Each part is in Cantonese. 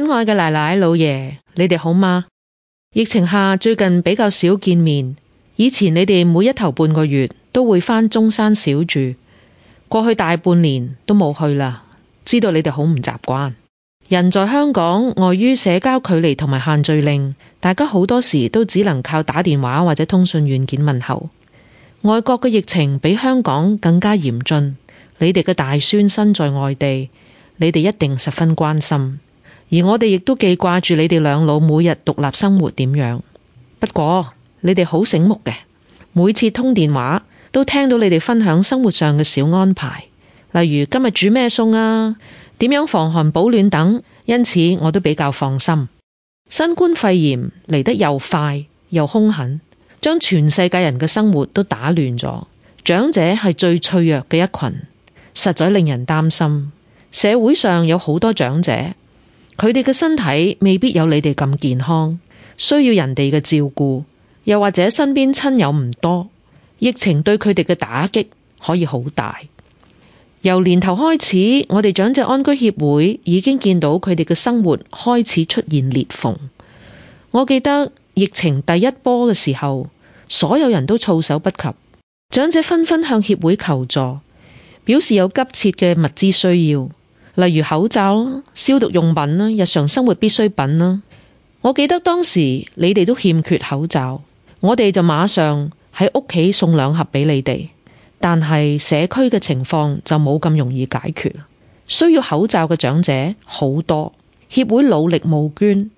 親愛嘅奶奶、老爺，你哋好嗎？疫情下最近比較少見面，以前你哋每一頭半個月都會返中山小住，過去大半年都冇去啦。知道你哋好唔習慣。人在香港，礙於社交距離同埋限聚令，大家好多時都只能靠打電話或者通訊軟件問候。外國嘅疫情比香港更加嚴峻，你哋嘅大孫身在外地，你哋一定十分關心。而我哋亦都記掛住你哋兩老每日獨立生活點樣。不過你哋好醒目嘅，每次通電話都聽到你哋分享生活上嘅小安排，例如今日煮咩餸啊，點樣防寒保暖等。因此我都比較放心。新冠肺炎嚟得又快又凶狠，將全世界人嘅生活都打亂咗。長者係最脆弱嘅一群，實在令人擔心。社會上有好多長者。佢哋嘅身體未必有你哋咁健康，需要人哋嘅照顧，又或者身邊親友唔多，疫情對佢哋嘅打擊可以好大。由年頭開始，我哋長者安居協會已經見到佢哋嘅生活開始出現裂縫。我記得疫情第一波嘅時候，所有人都措手不及，長者紛紛向協會求助，表示有急切嘅物資需要。例如口罩、消毒用品啦、日常生活必需品啦。我記得當時你哋都欠缺口罩，我哋就馬上喺屋企送兩盒俾你哋。但係社區嘅情況就冇咁容易解決，需要口罩嘅長者好多，協會努力募捐，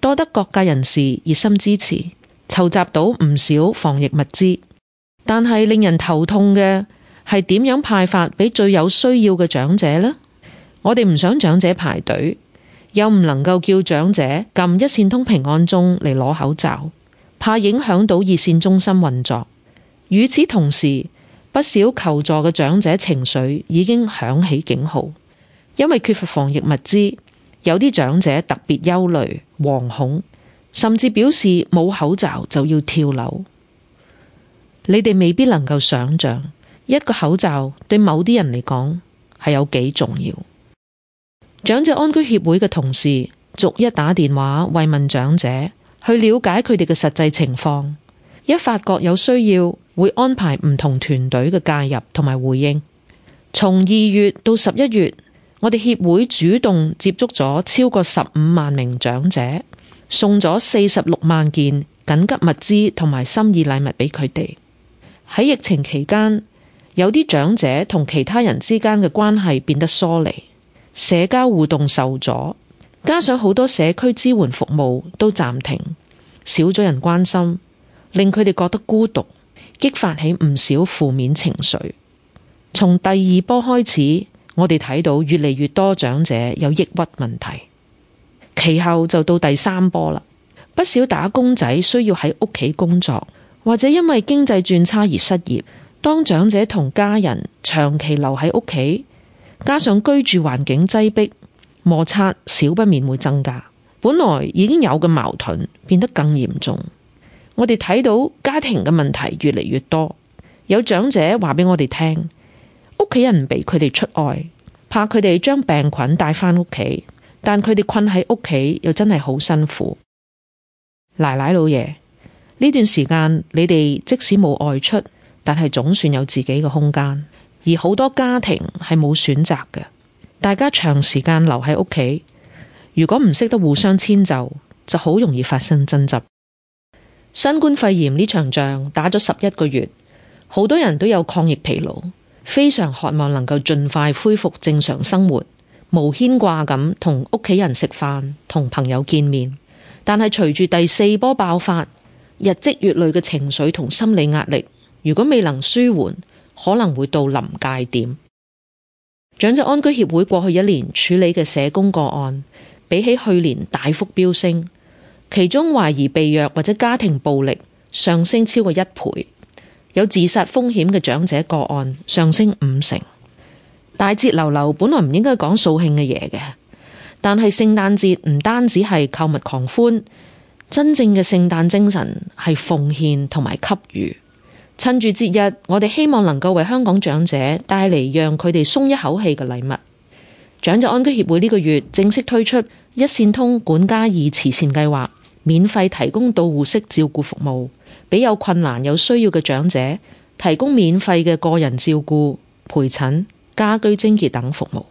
多得各界人士熱心支持，籌集到唔少防疫物資。但係令人頭痛嘅係點樣派發俾最有需要嘅長者呢？我哋唔想長者排隊，又唔能夠叫長者撳一線通平安鐘嚟攞口罩，怕影響到二線中心運作。與此同時，不少求助嘅長者情緒已經響起警號，因為缺乏防疫物資，有啲長者特別憂慮、惶恐，甚至表示冇口罩就要跳樓。你哋未必能夠想象一個口罩對某啲人嚟講係有幾重要。長者安居協會嘅同事逐一打電話慰問長者，去了解佢哋嘅實際情況。一發覺有需要，會安排唔同團隊嘅介入同埋回應。從二月到十一月，我哋協會主動接觸咗超過十五萬名長者，送咗四十六萬件緊急物資同埋心意禮物俾佢哋。喺疫情期間，有啲長者同其他人之間嘅關係變得疏離。社交互動受阻，加上好多社區支援服務都暫停，少咗人關心，令佢哋覺得孤獨，激發起唔少負面情緒。從第二波開始，我哋睇到越嚟越多長者有抑鬱問題，其後就到第三波啦。不少打工仔需要喺屋企工作，或者因為經濟轉差而失業。當長者同家人長期留喺屋企，加上居住環境擠迫，摩擦少不免會增加本來已經有嘅矛盾，變得更嚴重。我哋睇到家庭嘅問題越嚟越多，有長者話俾我哋聽，屋企人唔俾佢哋出外，怕佢哋將病菌帶返屋企，但佢哋困喺屋企又真係好辛苦。奶奶老爺呢段時間，你哋即使冇外出，但係總算有自己嘅空間。而好多家庭係冇選擇嘅，大家長時間留喺屋企，如果唔識得互相遷就，就好容易發生爭執。新冠肺炎呢場仗打咗十一個月，好多人都有抗疫疲勞，非常渴望能夠盡快恢復正常生活，無牽掛咁同屋企人食飯、同朋友見面。但係隨住第四波爆發，日積月累嘅情緒同心理壓力，如果未能舒緩，可能會到臨界點。長者安居協會過去一年處理嘅社工個案，比起去年大幅飆升，其中懷疑被虐或者家庭暴力上升超過一倍，有自殺風險嘅長者個案上升五成。大節流流本來唔應該講掃興嘅嘢嘅，但係聖誕節唔單止係購物狂歡，真正嘅聖誕精神係奉獻同埋給予。趁住節日，我哋希望能夠為香港長者帶嚟，讓佢哋鬆一口氣嘅禮物。長者安居協會呢個月正式推出一線通管家易慈善計劃，免費提供到戶式照顧服務，俾有困難有需要嘅長者提供免費嘅個人照顧、陪診、家居清潔等服務。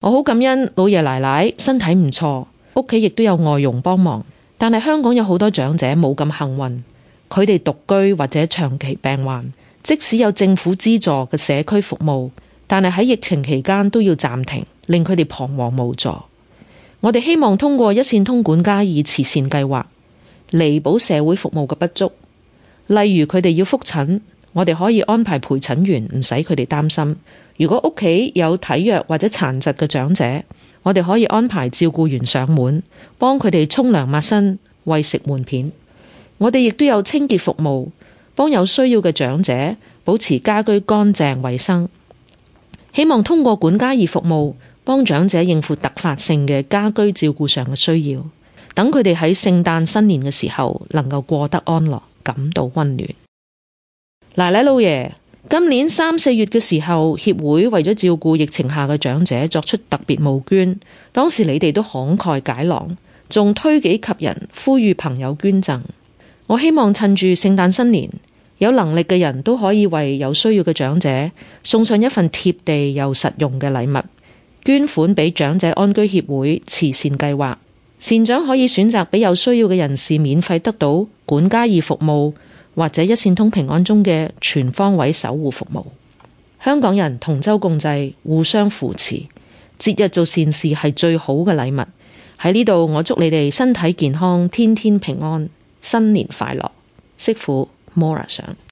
我好感恩老爺奶奶身體唔錯，屋企亦都有外傭幫忙，但係香港有好多長者冇咁幸運。佢哋獨居或者長期病患，即使有政府資助嘅社區服務，但係喺疫情期間都要暫停，令佢哋彷徨無助。我哋希望通過一線通管家以慈善計劃，彌補社會服務嘅不足。例如佢哋要覆診，我哋可以安排陪診員，唔使佢哋擔心。如果屋企有體弱或者殘疾嘅長者，我哋可以安排照顧員上門，幫佢哋沖涼抹身、餵食換片。我哋亦都有清潔服務，幫有需要嘅長者保持家居乾淨衛生。希望通過管家易服務，幫長者應付突發性嘅家居照顧上嘅需要，等佢哋喺聖誕新年嘅時候能夠過得安樂，感到溫暖。奶奶老爺，今年三四月嘅時候，協會為咗照顧疫情下嘅長者，作出特別募捐，當時你哋都慷慨解囊，仲推己及人，呼籲朋友捐贈。我希望趁住聖誕新年，有能力嘅人都可以為有需要嘅長者送上一份貼地又實用嘅禮物，捐款俾長者安居協會慈善計劃。善長可以選擇俾有需要嘅人士免費得到管家易服務，或者一線通平安鐘嘅全方位守護服務。香港人同舟共濟，互相扶持，節日做善事係最好嘅禮物。喺呢度，我祝你哋身體健康，天天平安。新年快樂，媳婦 Mora 上。